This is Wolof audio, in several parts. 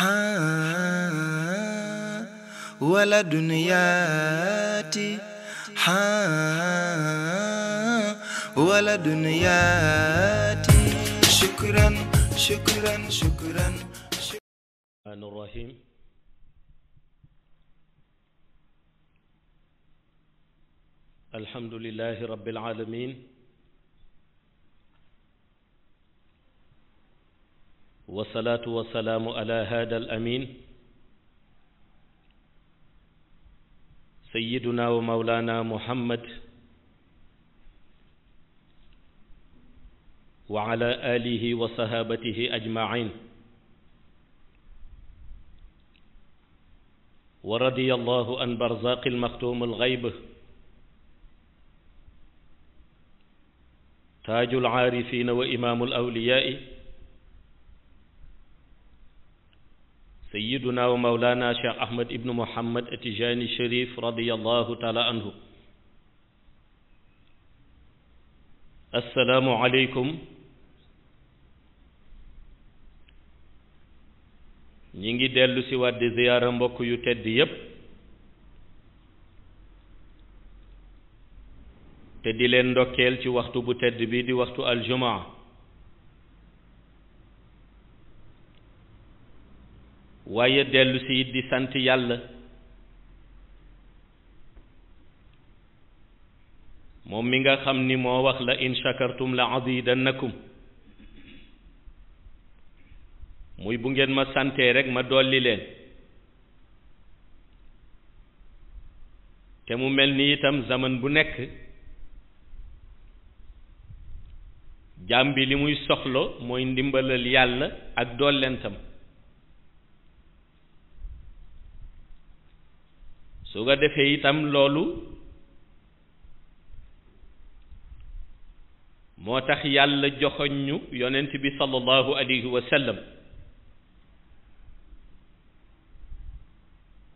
haa wala duniyaati haa wala duniyaati shukran shukran shukran rahim alhamdulillahi rabbil alamin wasalaatu wasalaamu ala hada al amin sayiduna wa mawlana muhammad wa ala alihi wa sahaabatihi ajmain wa radiya allahu an barzaqi almaxtuum alxayb taaju alaarifina wa imaamu alawliyaai sayiduna wa mawlana cheikh ahmad ibnu muhammad atijani sharif radiallahu taala anhu assalaamu aleykum ñi ngi dellu si waat ziyaara mbokk yu tedd yépp te di leen ndokkeel ci waxtu bu tedd bi di waxtu aljumaa waaye dellu si di sant yàlla moom mi nga xam ni moo wax la in shakartum la azidannakum muy bu ngeen ma santee rek ma dolli leen te mu mel ni itam zaman bu nekk jaam bi li muy soxlo mooy ndimbalal yàlla ak dollentam su nga defee itam loolu moo tax yàlla joxoñ ñu yonent bi sallallahu alayhi wa sallam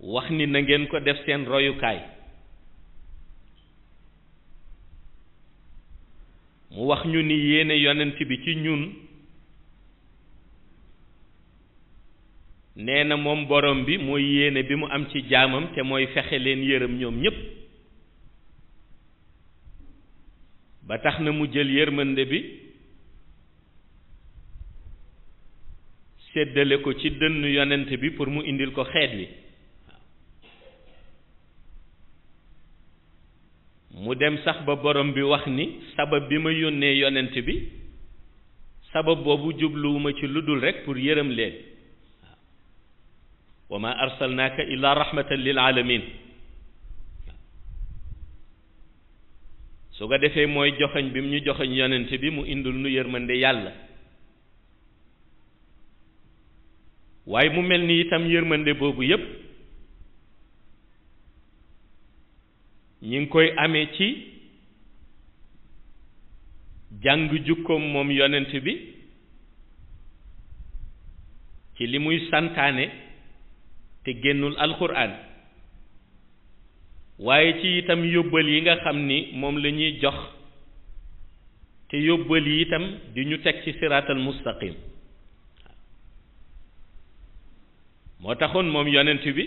wax ni na ngeen ko def seen royukaay mu wax ñu ni yéene yonent bi ci ñun nee na moom borom bi mooy yéene bi mu am ci jaamam te mooy fexe leen yërëm ñoom ñépp ba tax na mu jël yërmande bi séddale ko ci dënn yonent bi pour mu indil ko xeet wi mu dem sax ba borom bi wax ni sabab bi ma yónnee yonent bi sabab boobu jubluwuma ci lu dul rekk pour yërëm leen wa ma arsalnaaka illa rahmatan lil alamin su ko defee mooy joxoñ bi mu ñu joxoñ yonent bi mu indul nu yërmande yàlla waaye mu mel ni itam yërmande boobu yépp ñu ngi koy amee ci jàng jukkoom moom yonent bi ci li muy santaane te génnul alquran waaye ci itam yóbbal yi nga xam ni moom la ñuy jox te yóbbal yi itam di ñu teg ci siraatal mustaqim moo taxoon moom yonent bi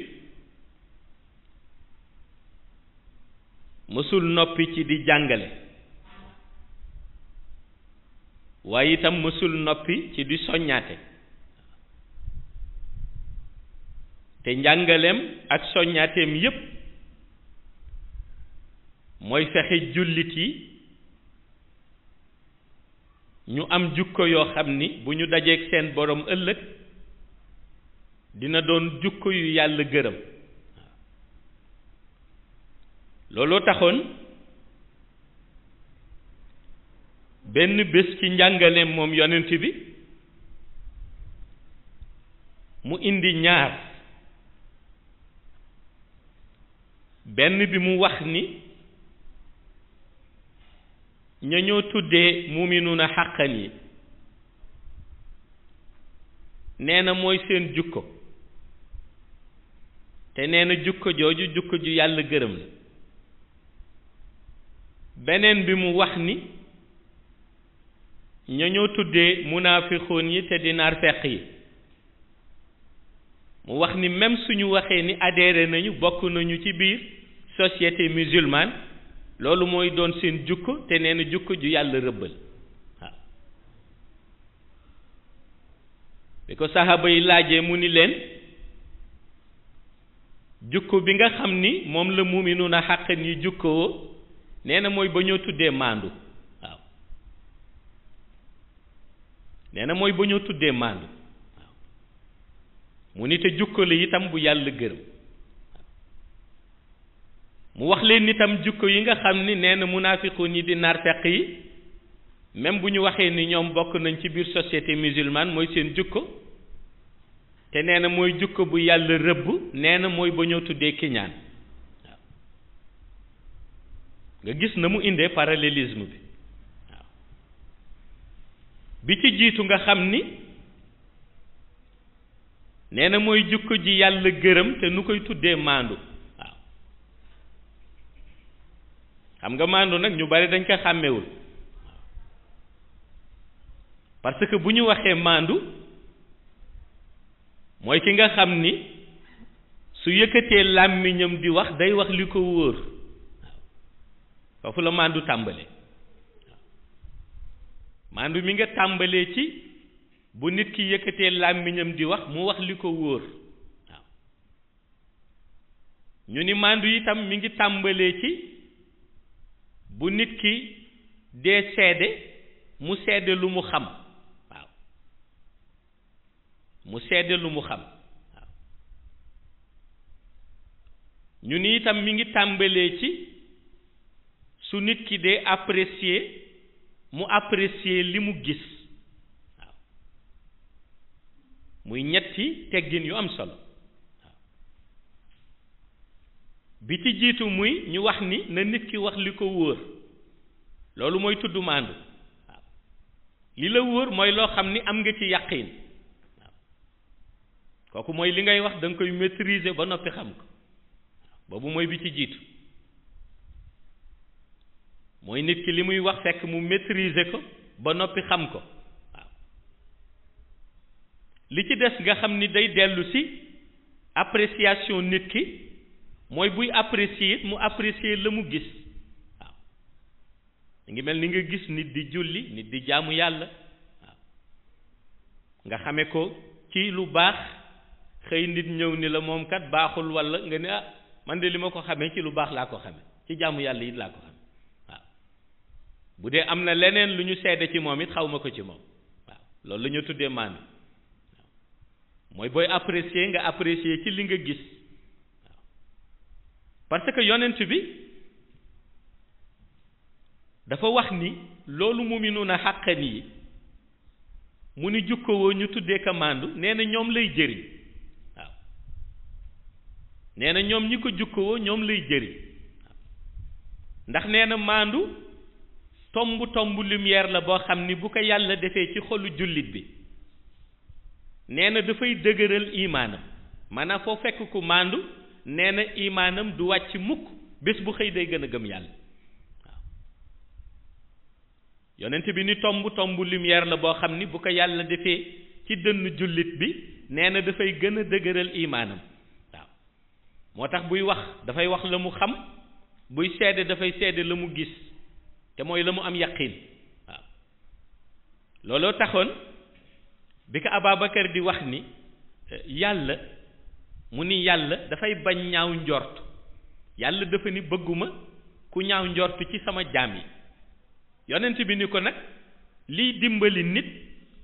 mësul noppi ci di jàngale waaye itam mësul noppi ci di soññaate te njàngaleem ak soññaateem yépp mooy fexe jullit yi ñu am jukko yoo xam ni bu ñu dajeeg seen borom ëllëg dina doon jukko yu yàlla gërëm looloo taxoon benn bés ci njàngaleem moom yonent bi mu indi ñaar benn bi mu wax ni ña ñoo tuddee muminuuna xàqan yi nee na mooy seen jukko te nee na jukko jooju jukko ju yàlla gërëm la beneen bi mu wax ni ña ñoo tuddee munaafixoon yi te di naar feq yi mu wax ni même suñu waxee ni adhéré nañu bokk nañu ci biir société musulmane loolu mooy doon seen jukko te nee jukko ju yàlla rëbbal waaw bi ko saxaaba yi laajee mu ni leen jukko bi nga xam ni moom la muminuuna xàqan yi jukkoo neena mooy ba ñoo tuddee maandu waaw nee mooy ba ñoo tuddee maandu waaw mu ni te jukko la itam bu yàlla gërëm mu wax leen itam jukko yi nga xam ni nee na munaafiqun yi di feq yi même bu ñu waxee ni ñoom bokk nañ ci biir société musulmane mooy seen jukko te nee mooy jukko bu yàlla rëbb nee na mooy ba ñoo tuddee kiñaan nga gis na mu indee parallélisme bi waaw bi ci jiitu nga xam ni nee na mooy jukko ji yàlla gërëm te nu koy tuddee maandu xam nga maandu nag ñu bari dañ ko xàmmewul parce que bu ñu waxee maandu mooy ki nga xam ni su yëkkatee làmmiñam di wax day wax li ko wóor foofu la maandu tàmbalee maandu mi nga tàmbalee ci bu nit ki yëkkatee làmmiñam di wax mu wax li ko wóor waaw ñu ni maandu itam mi ngi tàmbalee ci bu nit ki dee seede mu seede lu mu xam waaw mu seede lu mu xam waaw ñu ni itam mi ngi tàmbalee ci su nit ki dee apprécier mu apprécier li mu gis waaw muy ñetti teggin yu am solo bi ci jiitu muy ñu wax ni na nit ki wax li ko wóor loolu mooy tudd maandu waaw li la wóor mooy loo xam ni am nga ci yàqin waaw kooku mooy li ngay wax danga koy maîtriser ba noppi xam ko boobu mooy bi ci jiitu mooy nit ki li muy wax fekk mu maîtriser ko ba noppi xam ko waaw li ci des nga xam ni day dellu si nit ki mooy buy apprécier it mu apprécier la mu gis waaw mu ngi mel ni nga gis nit di julli nit di jàmm yàlla waaw nga xame ko ci lu baax xëy nit ñëw ni la moom kat baaxul walla nga ne ah man de li ma ko xamee ci lu baax laa ko xame ci jàmm yàlla it laa ko xame waaw bu dee am na leneen lu ñu seede ci moom it xaw ma ko ci moom waaw loolu ñu tuddee maanu mooy booy apprécier nga apprécier ci li nga gis parce que yonent bi dafa wax ni loolu na xàqan yi mu ni jukkowoo ñu tuddee ka màndu nee na ñoom lay jëriñ waaw nee na ñoom ñi ko jukkoo ñoom lay jëriñ ndax nee na màndu tomb tomb lumière la boo xam ni bu ko yàlla defee ci xolu jullit bi nee na dafay dëgëral imaanam maanaam foo fekk ku màndu nee na imaanam du wàcc mukk bés bu xëy day gën a gëm yàlla waaw yonent bi ni tomb tomb lumière la boo xam ni bu ko yàlla defee ci dënn jullit bi nee na dafay gën a dëgëral imaanam waaw moo tax buy wax dafay wax la mu xam buy seede dafay seede la mu gis te mooy la mu am yaqin waaw looloo taxoon bi ko Ababacar di wax ni eh, yàlla mu ni yàlla dafay bañ ñaaw njort yàlla dafa ni bëgguma ku ñaaw njort ci sama jaam yi yonent bi ni ko nag liy dimbali nit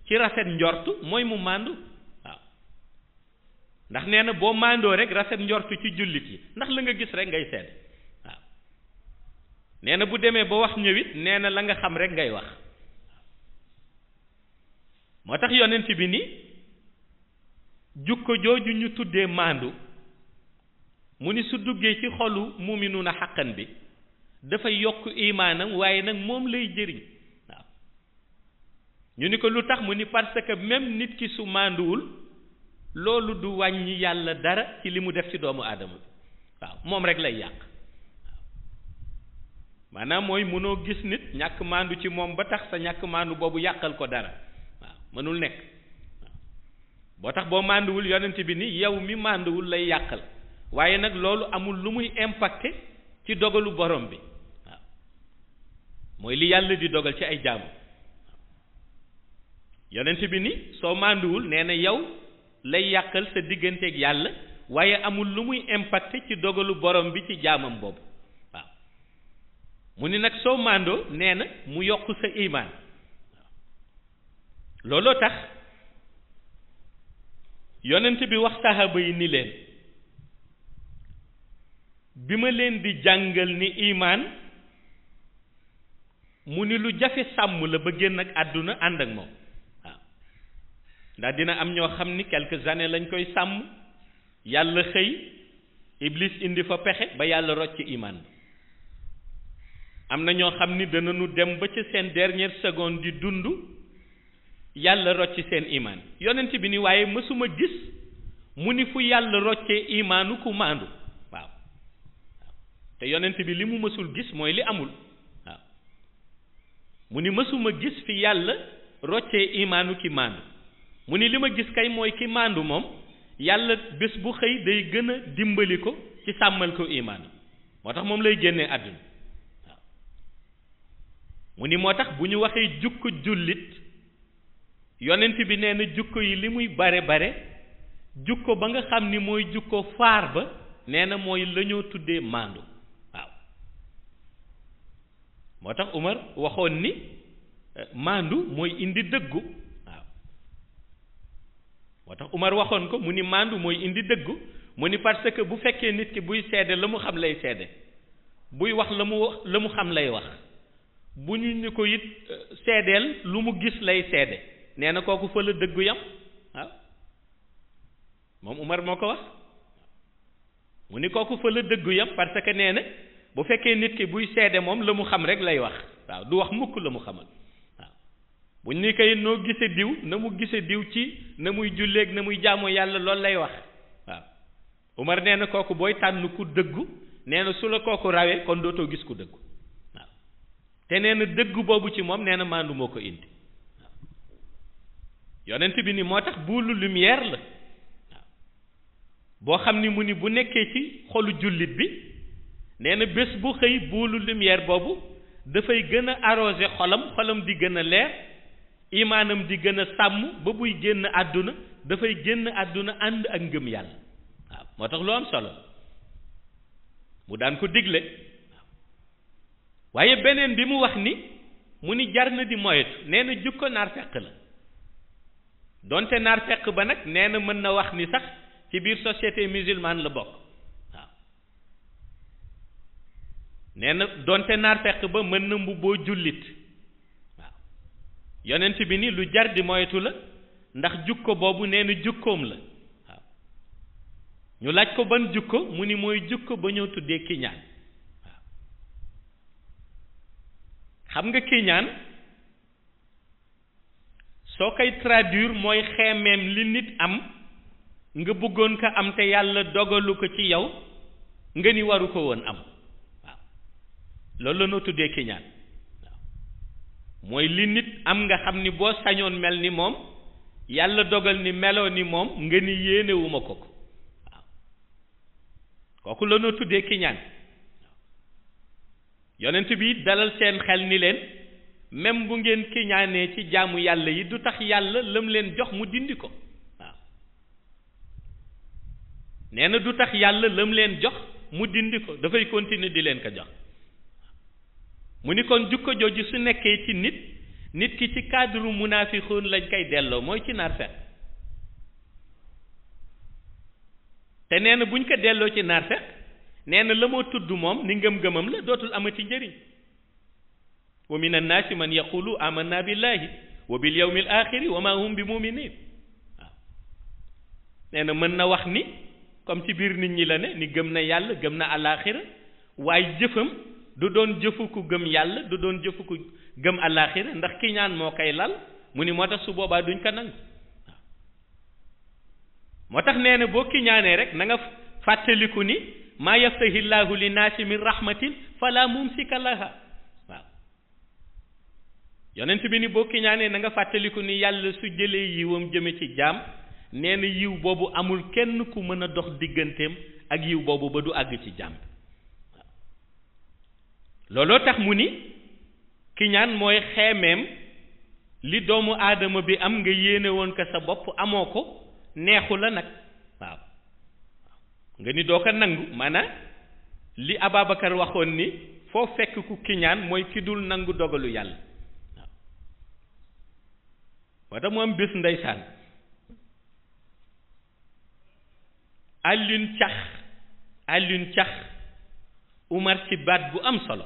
ci rafet njort mooy mu màndu waaw ndax nee na boo màndoo rek rafet njort ci jullit yi ndax la nga gis rek ngay seet waaw nee na bu demee ba wax ñëwit nee na la nga xam rek ngay wax moo tax yonent bi ni jukko jooju ñu tuddee maandu mu ni su duggee ci xolu muuminu na xaqan bi dafay yokk imaanam waaye nag moom lay jëriñ waaw ñu ni ko lu tax mu ni parce que même nit ki su maanduwul loolu du wàññi yàlla dara ci li mu def ci doomu aadama bi waaw moom rek lay yàq maanaam mooy mënoo gis nit ñàkk maandu ci moom ba tax sa ñàkk maandu boobu yàqal ko dara waaw mënul nekk boo tax boo mànduwul yonent bi ni yow mi mànduwul lay yàqal waaye nag loolu amul lu muy impacté ci dogalu borom bi waaw mooy li yàlla di dogal ci ay jaamu yonent bi ni soo mànduwul nee na yow lay yàqal sa digganteeg yàlla waaye amul lu muy impacté ci dogalu borom bi ci jaamam boobu waaw mu ni nag soo màndoo nee na mu yokk sa imaan looloo tax yonent bi wax saxaaba yi ni leen bi ma leen di jàngal ni imaan mu ni lu jafe sàmm la ba génn ak àdduna ànd ak moom waaw ndax dina am ñoo xam ni quelques années lañ koy sàmm yàlla xëy iblis indi fa pexe ba yàlla rocc imaan bi am na ñoo xam ni danañu dem ba ci seen dernière seconde di dund yàlla rocc seen imaan yonent bi ni waaye mësuma gis mu ni fu yàlla roccee imaanu ku maandu waaw te yonent bi li mu mësul gis mooy li amul waaw mu ni mësuma gis fi yàlla roccee imaanu ki maandu mu ni li ma gis kay mooy ki maandu moom yàlla bés bu xëy day gën a dimbali ko ci sàmmal ko imaanu moo tax moom lay génnee àdduna waaw mu ni moo tax bu ñu waxee jukko jullit yonent bi nee na jukko yi li muy bare bare jukko ba nga xam ni mooy jukko faar ba nee na mooy la tuddee màndu waaw moo tax Umar waxoon ni eh, màndu mooy indi dëggu waxoon ko mu ni màndu mooy indi dëggu mu ni que bu fekkee nit ki buy seede la mu xam lay seede buy wax la mu la mu xam lay wax bu ñu ni ko it eh, seedeel lu mu gis lay seede nee na kooku fa dëggu yam waaw moom Umar moo ko wax mu ni kooku fa dëggu yam parce que nee na bu fekkee nit ki buy seede moom la mu xam rek lay wax waaw du wax mukk la mu xamal waaw buñ ni kay noo gise diw na mu gise diw ci na muy julleeg na muy jaamu yàlla lool lay wax waaw Umar nee na kooku booy tànn ku dëggu nee na su la kooku rawee kon dootoo gis ku dëggu waaw te nee dëggu boobu ci moom nee na maandu moo ko indi yonent bi ni moo tax buulu lumière la waaw boo xam ni mu ni bu nekkee ci xolu jullit bi nee na bés bu xëy buulu lumière boobu dafay gën a arrosé xolam xolam di gën a leer imaanam di gën a sàmm ba buy génn àdduna dafay génn àdduna ànd ak ngëm yàlla waaw moo tax lu am solo mu daan ko digle waaye beneen bi mu wax ni mu ni jar na di moyetu nee na jukko naar fekk la donte naar fekk ba nag nee na mën na wax ni sax ci biir société musulmane la bokk waaw nee na donte naar fekk ba mën na mbubboo jullit waaw yonent bi ni lu jar di moytu la ndax jukko boobu nee na jukkoom la waaw ñu laaj ko ban jukko mu ni mooy jukko ba ñëw tuddee kiñaan waaw xam nga kiiñaan soo koy traduire mooy xeemeem li nit am nga bëggoon ko am te yàlla dogalu ko ci yow nga ni waru ko woon am waaw loolu la tuddee kiñaan waaw mooy li nit am nga xam ni boo sañoon mel ni moom yàlla dogal ni meloo ni moom nga ni yéenewuma ko ko waaw kooku la noo tuddee kiñaan yonent bi dalal seen xel ni leen même bu ngeen kiñaanee ci jaamu yàlla yi du tax yàlla lam leen jox mu dindi ko waaw nee na du tax yàlla lam leen jox mu dindi ko dafay continuer di leen ko jox mu ni kon jukko jooju su nekkee ci nit nit ki ci cadre munaafiqoon lañ koy delloo mooy ci narfeq te nee na buñ ko delloo ci narfeq nee na la moo tudd moom ni ngëm-ngëmam la dootul amati njëriñ wa min annaasi man yaqulu amanna billahi wa bil yawmi al axiri wa ma hum bi muminin waaw nee mën na wax ni comme ci biir nit ñi la ne ni gëm na yàlla gëm na alaaxira waaye jëfam du doon jëfu ku gëm yàlla du doon jëfu ku gëm alaaxira ndax ki moo koy lal mu ni moo tax su boobaa duñ ko nangu moo tax nee boo ki ñaanee rek nanga nga fàttaliku ni maa yaftahi llaahu linnaasi min rahmatin fala mumsika laha yonent bi ni boo kiñaanee na fàttaliku ni yàlla su jëlee yiwam jëme ci jaam nee na yiw boobu amul kenn ku mën a dox digganteem ak yiw boobu ba du àgg ci jaam looloo tax mu ni kiñaan mooy xeemeem li doomu aadama bi am nga yéene woon ko sa bopp amoo ko neexu la nag waaw nga ni doo ko nangu maanaam li Ababacar waxoon ni foo fekk ku kiñaan mooy kii dul nangu dogalu yàlla moo tax mu am bés ndeysaan Alioune Thiax Alioune Thiax Umar ci baat bu am solo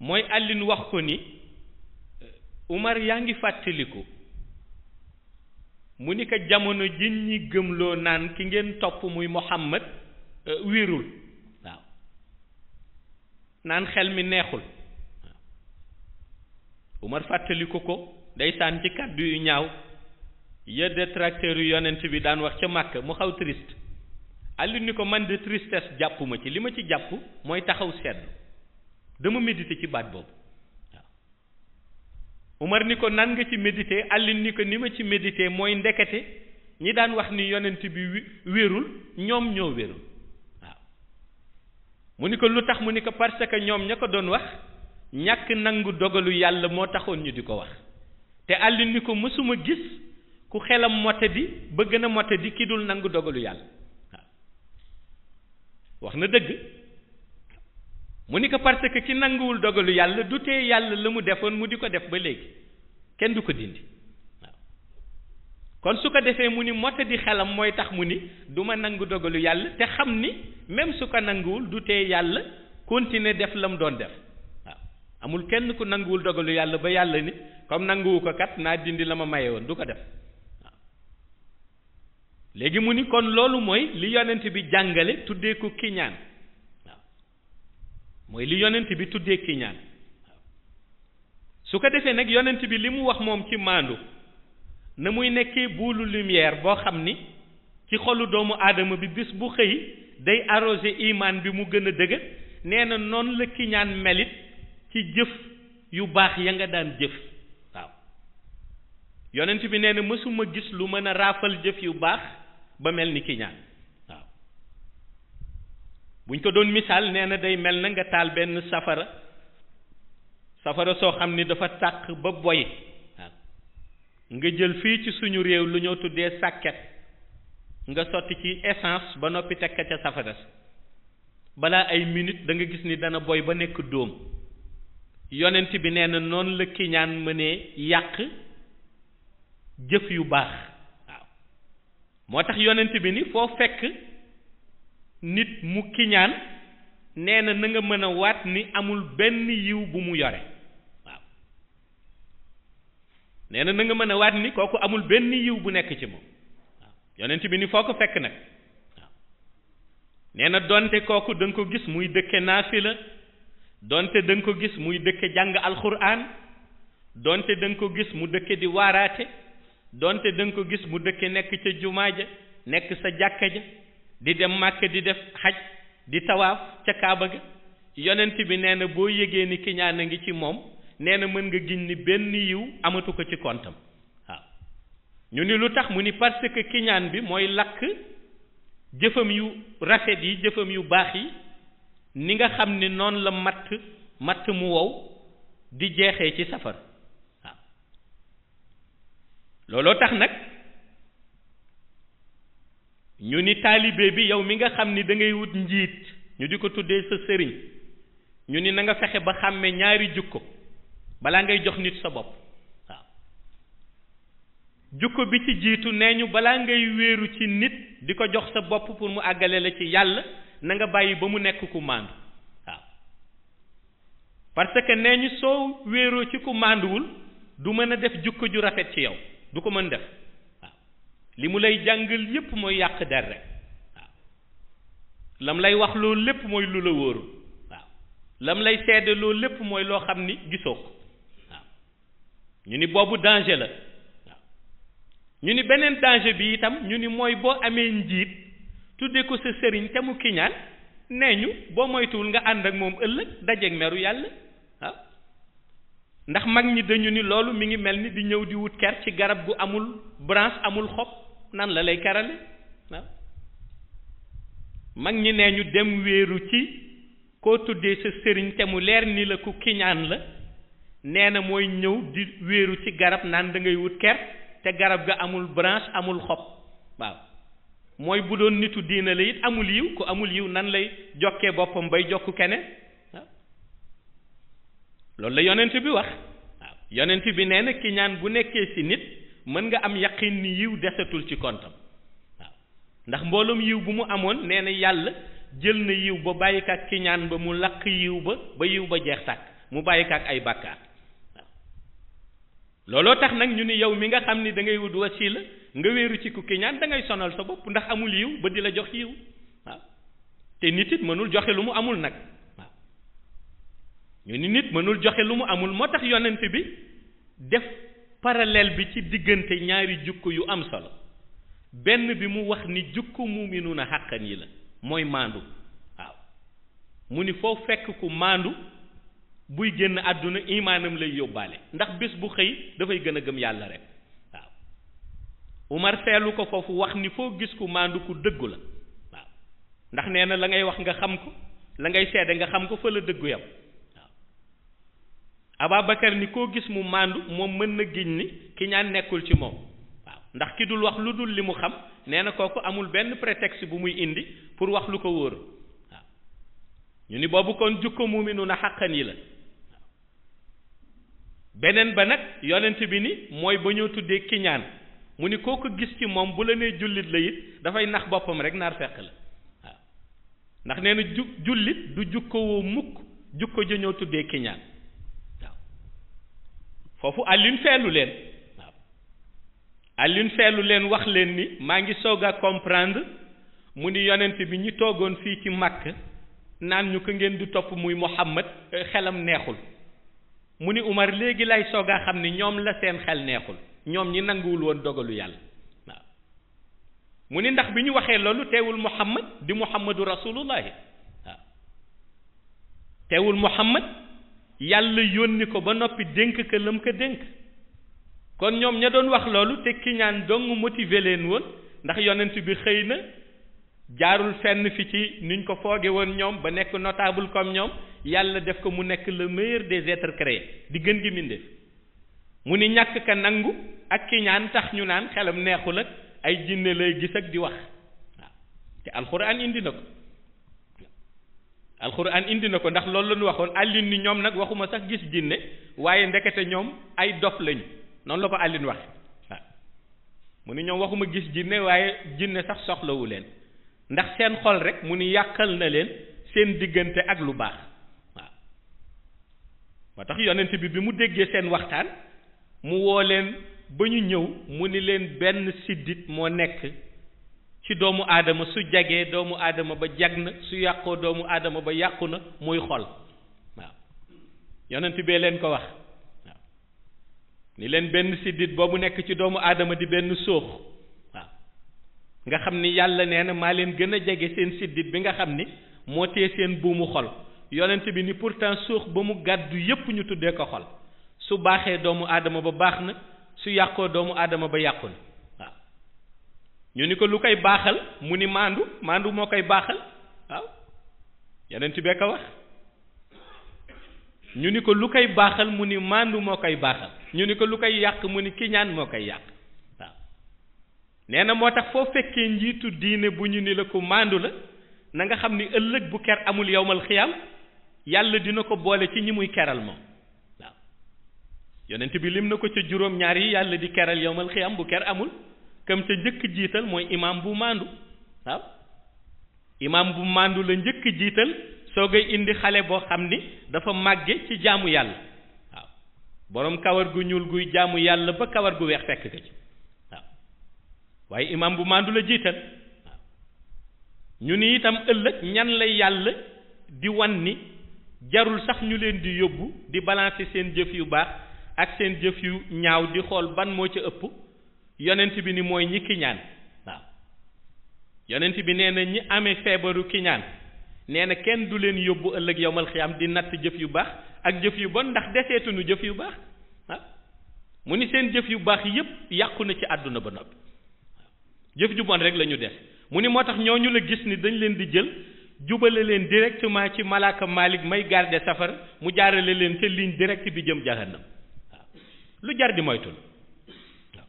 mooy Alioune wax ko ni euh, Umar yaa ngi fàttaliku mu ni ko jamono ji ñi gëmloo naan ki ngeen topp muy Muhammad euh, wérul waaw naan xel mi neexul waaw Umar fàttaliku ko ndeysaan ci kàddu yu ñaaw ya tracteur yu yonent bi daan wax ca màkk mu xaw triste Aliou ni ko man de tristesse jàppuma ci li ma ci jàpp mooy taxaw seetlu dama méditer ci baat boobu waaw Umar ni ko nan nga ci méditer Aliou ni ko ni ma ci médite mooy ndekete ñi daan wax ni yonent bi wérul ñoom ñoo wérul waaw mu ni ko lu tax mu ni ko parce que ñoom ña ko doon wax ñàkk nangu dogalu yàlla moo taxoon ñu di ko wax te àll ni ko mësuma gis ku xelam motadi bëgg na motadi ki dul nangu dogalu yàlla wax na dëgg mu ni ko parce ki nanguwul dogalu yàlla du tee yàlla la mu defoon mu di ko def ba léegi kenn du ko dindi kon su ko defee mu ni motadi xelam mooy tax mu ni du ma nangu dogalu yàlla te xam ni même su ko nanguwul du tee yàlla continuer def la mu doon def amul kenn ku nanguwul dogalu yàlla ba yàlla ni comme nanguwu ko kat naa dindi la ma maye woon du ko def waaw léegi mu ni kon loolu mooy li yonent bi jàngale tuddee ko kiñaan mooy li yonent bi tuddee kiñaan su ko defee nag yonent bi li mu wax moom ci maandu na muy nekkee buulu lumière boo xam ni ci xolu doomu aadama bi bis bu xëy day arrosé imaan bi mu gën a dëgg nee na noonu la kiñaan melit ci jëf yu baax ya nga daan jëf waaw yonent bi nee na mësuma gis lu mën a raafal jëf yu baax ba mel ni ki ñaan waaw buñ ko doon misaal nee na day mel na nga taal benn safara safara soo xam ni dafa tàq ba boy nga jël fii ci suñu réew lu ñoo tuddee sàkket nga sotti ci essence ba noppi teg ca safara balaa ay minute danga gis ni dana boy ba nekk dóom yonent bi nee na noonu la kiñaan mënee yàq jëf yu baax waaw moo tax yonent bi ni foo fekk nit mu kiñaan nee na na nga mën a waat ni amul benn yiw bu mu yore waaw nee na na nga mën a waat ni kooku amul benn yiw bu nekk ci moom yonent bi ni foo ko fekk nag waaw nee na donte kooku da ko gis muy dëkke naafila donte da ko gis muy dëkke jàng alxuraan donte da ko gis mu dëkke di waaraate donte danga ko gis mu dëkke nekk ca jumaa ja nekk sa jàkka ja di dem màkk di def xaj di tawaaf ca kaaba ga yonent bi nee na boo yëgee ni kiñaan a ngi ci moom nee na mën nga giñ ni benn yiw amatu ko ci kontam waaw ñu ni lu tax mu ni parce que kiñaan bi mooy lakk jëfam yu rafet yi jëfam yu baax yi ni nga xam ni noonu la matt matt mu wow di jeexee ci safar waaw looloo tax nag ñu ni taalibe bi yow mi nga xam ni dangay wut njiit ñu di ko tuddee sa sëriñ ñu ni nanga nga fexe ba xàmme ñaari jukko balaa ngay jox nit sa bopp waaw jukko bi ci jiitu nee ñu balaa ngay wéeru ci nit di ko jox sa bopp pour mu àggale la ci yàlla na nga bàyyi ba mu nekk ku màndu waaw parce que nee ñu soo wéeroo ci ku mànduwul du mën a def jukko ju rafet ci yow du ko mën def waaw li mu lay jàngal yépp mooy yàq der rek waaw lam lay wax loolu lépp mooy lu la wóorul waaw lam lay seede lépp mooy loo xam ni gisoo ko waaw ñu ni boobu danger la waaw ñu ni beneen danger bi itam ñu ni mooy boo amee njiit tudde ko sa sëriñ te mu kiñaan nee ñu boo moytuwul nga ànd ak moom ëllëg dajeeg meru yàlla waaw ndax mag ñi dañu ni loolu mi ngi mel ni di ñëw di wut ker ci garab gu amul branche amul xob nan la lay kerale waaw mag ñi nee ñu dem wéeru ci koo tuddee sa sëriñ te mu leer ni la ku kiñaan la nee na mooy ñëw di wéeru ci garab naan da wut ker te garab ga amul branche amul xob waaw mooy bu doon nitu diina la it amul yiw ku amul yiw nan lay jokkee boppam bay jokku keneen waaw loolu la yonent bi wax waaw yonent bi nee na ki ñaan bu nekkee ci nit mën nga am yaqin ni yiw desatul ci kontam waaw ndax mbooloom yiw bu mu amoon nee na yàlla jël na yiw ba bàyyi ko ki ñaan ba mu lakk yiw ba ba yiw ba jeex tàkk mu bàyyi ay bàkkaar looloo tax nag ñu ni yow mi nga xam ni da ngay wut wasila nga wéeru ci ku kiñaan da ngay sonal sa bopp ndax amul yiw ba di la jox yiw waaw te nit it mënul joxe lu mu amul nag waaw ñu ni nit mënul joxe lu mu amul moo tax yonent bi def paraleel bi ci diggante ñaari jukko yu am solo benn bi mu wax ni jukko muminuuna xàqan yi la mooy maandu waaw mu ni foo fekk ku maandu buy génn àdduna imaanam lay yóbbaale ndax bés bu xëy dafay gën a gëm yàlla rek Umar feelu ko foofu wax ni foo gis ku màndu ku dëggu la waaw ndax nee na la ngay wax nga xam ko la ngay seede nga xam ko fa la dëggu yam waaw Ababakar ni koo gis mu maandu moom mën na giñ ni kiñaan nekkul ci moom waaw ndax ki dul wax lu dul li mu xam nee na kooku amul benn prétexte bu muy indi pour wax lu ko wóor ñu ni boobu kon jukko muuminu na xàqan yi la beneen ba nag yonent bi ni mooy ba ñoo tuddee kiñaan mu ni koo ko gis ci moom bu la nee jullit la dafay nax boppam rek naar fekk la waaw ndax nee na ju jullit du jukko woo mukk jukko jëñoo tuddee kiñaan waaw foofu àllin feelu leen waaw àllin feelu leen wax leen ni maa ngi soog a comprendre mu ni yonent bi ñu toogoon fii ci màkk naan ñu ko ngeen du topp muy Muhammad eh, xelam neexul mu ni Umar léegi lay soog a xam ni ñoom la seen xel neexul ñoom ñi nanguwul woon dogalu yàlla waaw mu ni ndax bi ñu waxee loolu teewul muhammad di muhammadu rasulullahi waaw teewul muhammad yàlla yónni ko ba noppi dénk ka lam ko dénk kon ñoom ña doon wax loolu te kiñaan dong motiver leen woon ndax yonent bi xëy na jaarul fenn fi ci niñ ko fooge woon ñoom ba nekk notable comme ñoom yàlla def ko mu nekk la meilleur de êtres créés di gën gi mindee mu ni ñàkk ka nangu ak kiiñaan ñaan tax ñu naan xelam neexul ak ay jinne lay gis ak di wax te alxuraan indi na ko alxuraan indi na ko ndax loolu lañu waxoon àllin ni ñoom nag waxuma sax gis jinne waaye ndekete ñoom ay dof lañu noonu la ko àllin wax waaw mu ni ñoom waxuma gis jinne waaye jinne sax soxlawu leen ndax seen xol rek mu ni yàqal na leen seen diggante ak lu baax waaw moo tax yonent bi bi mu déggee seen waxtaan mu woo leen ba ñu ñëw mu ni leen benn siddit moo nekk ci doomu aadama su jege doomu aadama ba jag na su yàqoo doomu aadama ba yàqu na muy xol waaw yonent bee leen ko wax waaw ni leen benn siddit mu nekk ci doomu aadama di benn sóox waaw nga xam ni yàlla nee na maa leen gën a jege seen siddit bi nga xam ni moo tee seen buumu xol yonent bi ni pourtant sóox ba mu gàddu yépp ñu tuddee ko xol su baaxee doomu aadama ba baax na su yàqoo doomu aadama ba yàqu na waaw ñu ni ko lu koy baaxal mu ni maandu maandu moo koy baaxal waaw ci bekk ñu ni ko lu koy baaxal mu ni maandu moo koy baaxal ñu ni ko lu koy yàq mu ni kiñaan moo koy yàq waaw nee na moo tax foo fekkee njiitu diine bu ñu ni la ko maandu la na nga xam ni ëllëg bu ker amul yowmal xiyam yàlla dina ko boole ci ñi muy keral ma yonent bi lim na ko ca juróom-ñaar yàlla di keral yowmal xiyam bu ker amul kam ca njëkk jiital mooy imaam bu màndu waaw imaam bu màndu la njëkk jiital soo koy indi xale boo xam ni dafa màgge ci jaamu yàlla waaw boroom kawar gu ñuul guy jaamu yàlla ba kawar gu weex fekk ko ci waaw waaye imaam bu màndu la jiital waaw ñu ni itam ëllëg ñan lay yàlla di wan ni jarul sax ñu leen di yóbbu di balancer seen jëf yu baax ak seen jëf yu ñaaw di xool ban moo ca ëpp yonent bi ni mooy ñi kiñaan waaw yonent bi nee na ñi amee feebaru kiñaan nee na kenn du leen yóbbu ëllëg yowmal xiyaam di natt jëf yu baax ak jëf yu bon ndax deseetuñu jëf yu baax mu ni seen jëf yu baax yépp yàqu na ci àdduna ba noppi jëf ju bon rek lañu ñu des mu ni moo tax ñooñu la gis ni dañ leen di jël jubale leen directement ci malaaka Malik may garde safar mu jaarale leen ca ligne directe bi jëm jahannam lu jar di moytul waaw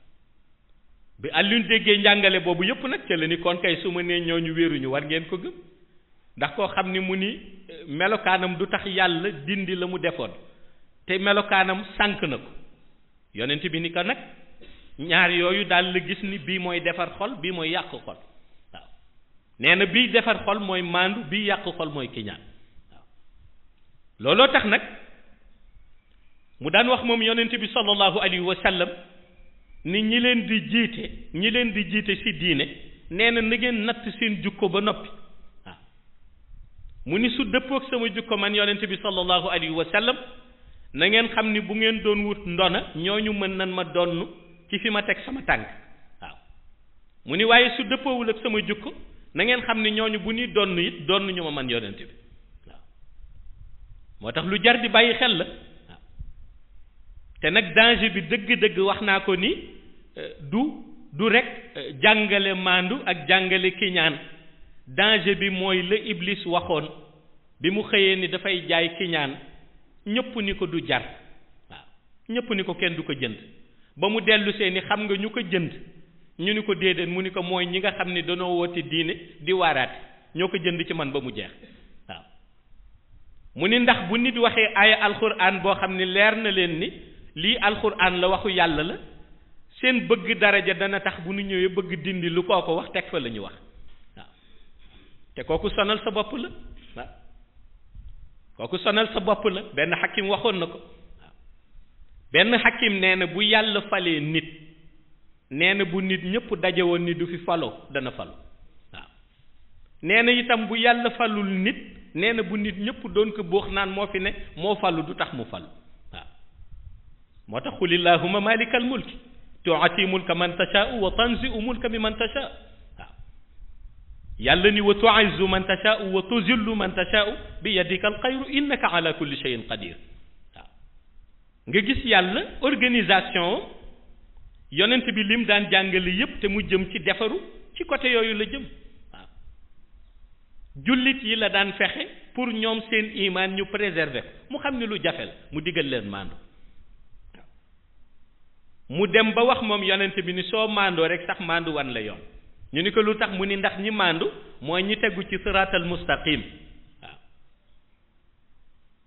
bi Alioune déggee njàngale boobu yëpp nag ca la ni kon kay su ma nee ñooñu wéeruñu war ngeen ko gëm ndax koo xam ni mu ni eh, melokaanam du tax yàlla dindi la mu defoon te melokaanam sànq na ko yonent bi ni ko nag ñaar yooyu daal la gis ni bii mooy defar xol bii mooy yàq xol waaw nee na bii defar xol mooy maandu bii yàq xol mooy kiñaan waaw looloo tax nag mu daan wax moom yonent bi sallallahu alayhi wa sallam ni ñi leen di jiite ñi leen di jiite ci diine nee na na ngeen natt seen jukko ba noppi waaw ah. mu ni su dëppook sama jukko man yonent bi sallallahu alayhi wa sallam na ngeen xam ni bu ngeen doon wut ndona ñu mën nan ma donn ci fi ma teg sama tànk waaw mu ni waaye su dëppoowul ak sama jukko na ngeen xam ni ñooñu bu ñuy donn it donn ñu ma man yonent bi waaw moo tax lu jar di bàyyi xel la te nag danger bi dëgg-dëgg wax naa ko ni euh, du du rek euh, jàngale maandu ak jàngale kiñaan danger bi mooy la Iblis waxoon bi mu xëyee ni dafay jaay kiñaan ñëpp ni ko du jar waaw ñëpp ni ko kenn du ko jënd ba mu dellu see ni xam nga ñu ko jënd ñu ni ko déedéet mu ni ko mooy ñi nga xam ni danoo woote diine di waaraate ñoo ko jënd ci man ba mu jeex waaw mu ni ndax bu nit waxee aaya alxuraan boo xam ni leer na leen ni lii alxuraan la waxu yàlla la seen bëgg daraja dana tax bu nu ñëwee bëgg dindi lu ko wax teg fa la ñu wax waaw te kooku sonal sa bopp la waaw kooku sonal sa bopp la benn xakim waxoon na ko waaw benn xakim nee bu yàlla falee nit neena bu nit ñëpp dajewoon ni du fi falo dana falu waaw nee itam bu yàlla falul nit nee na bu nit ñépp doon ko boox naan moo fi ne moo falu du tax mu falu moo tax qul illahuma malika al mulki tuati mulka man tashaau wa tanziu man tashaa waaw yàlla ni wa tuizzu man tashaau wa tuzillu man tashaau bi yadika al xayru waaw nga gis yàlla organisation yonent bi lim daan jàngale yépp te mu jëm ci defaru ci côté yooyu la jëm waaw jullit yi la daan fexe pour ñoom seen imaan ñu préserver mu xam ni lu jafe mu digal leen maandu mu dem ba wax moom yonent bi ni soo maandoo rek sax maandu wan la yoon ñu ni ko lu tax mu ni ndax ñi maandu mooy ñi tegu ci siraatal mustaqim waaw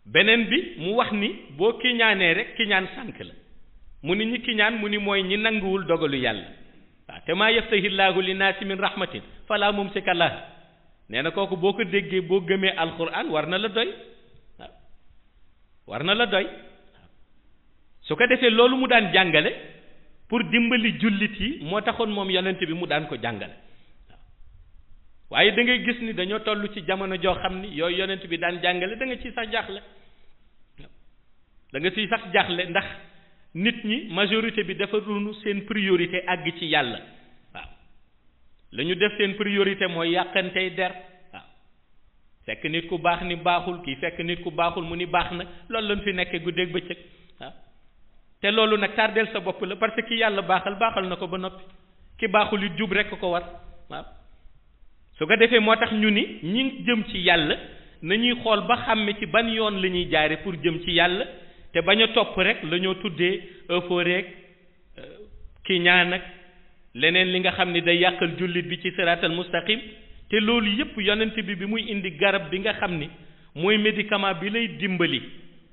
beneen bi mu wax ni boo kiñaanee rek kiñaan sànk la mu ni ñi kiñaan mu ni mooy ñi nanguwul dogalu yàlla waaw te maa li naa linnaasi min rahmatin falaa mumsika laha nee na kooku boo ko déggee boo gëmee alquran war na la doy waaw war na la doy su ko defee loolu mu daan jàngale pour dimbali jullit yi moo taxoon moom yonente bi mu daan ko jàngale waaw waaye da ngay gis ni dañoo toll ci jamono joo xam ni yooyu yonent bi daan jàngale danga nga ciy sax jaaxle da nga ciy sax jaaxle ndax nit ñi majorité bi dafa runu seen priorité àgg ci yàlla waaw la def seen priorité mooy yàqantey der waaw fekk nit ku baax ni baaxul kii fekk nit ku baaxul mu ni baax nag loolu lañ fi nekkee guddeeg bëccëg te loolu nag tardeel sa bopp la parce que ki yàlla baaxal baaxal na ko ba noppi ki baaxul it jub rekk ko war waaw su ko defee moo tax ñu ni ñi jëm ci yàlla na ñuy xool ba xàmme ci ban yoon la ñuy jaare pour jëm ci yàlla te bañ a topp rek la ñoo tuddee euphorique ki ñaan ak leneen li nga xam ni day yàqal jullit bi ci siraatal mustaqim te loolu yépp yonent bi bi muy indi garab bi nga xam ni mooy médicament bi lay dimbali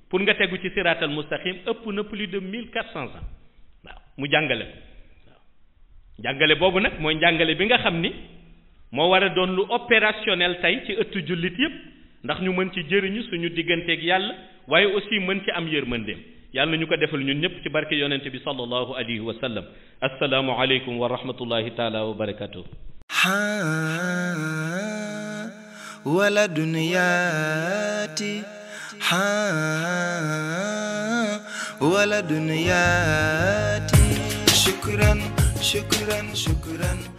pour nga tegu ci siraatal mustaqim ëpp na plus de mille quatre cent waaw mu jàngale ko waaw jàngale boobu nag mooy njàngale bi nga xam ni moo war a doon lu opérationnel tey ci ëttu jullit yëpp ndax ñu mën ci jëriñu suñu digganteeg yàlla waaye aussi mën ci am mën dem yàlla ñu ko defal ñun ñëpp ci barke yonent bi sallallahu alayhi wa sallam assalaamu aleykum wa rahmatullahi taala wa barakatuh ha wala dunyaati ولا دنياتي شكرا شكرا شكرا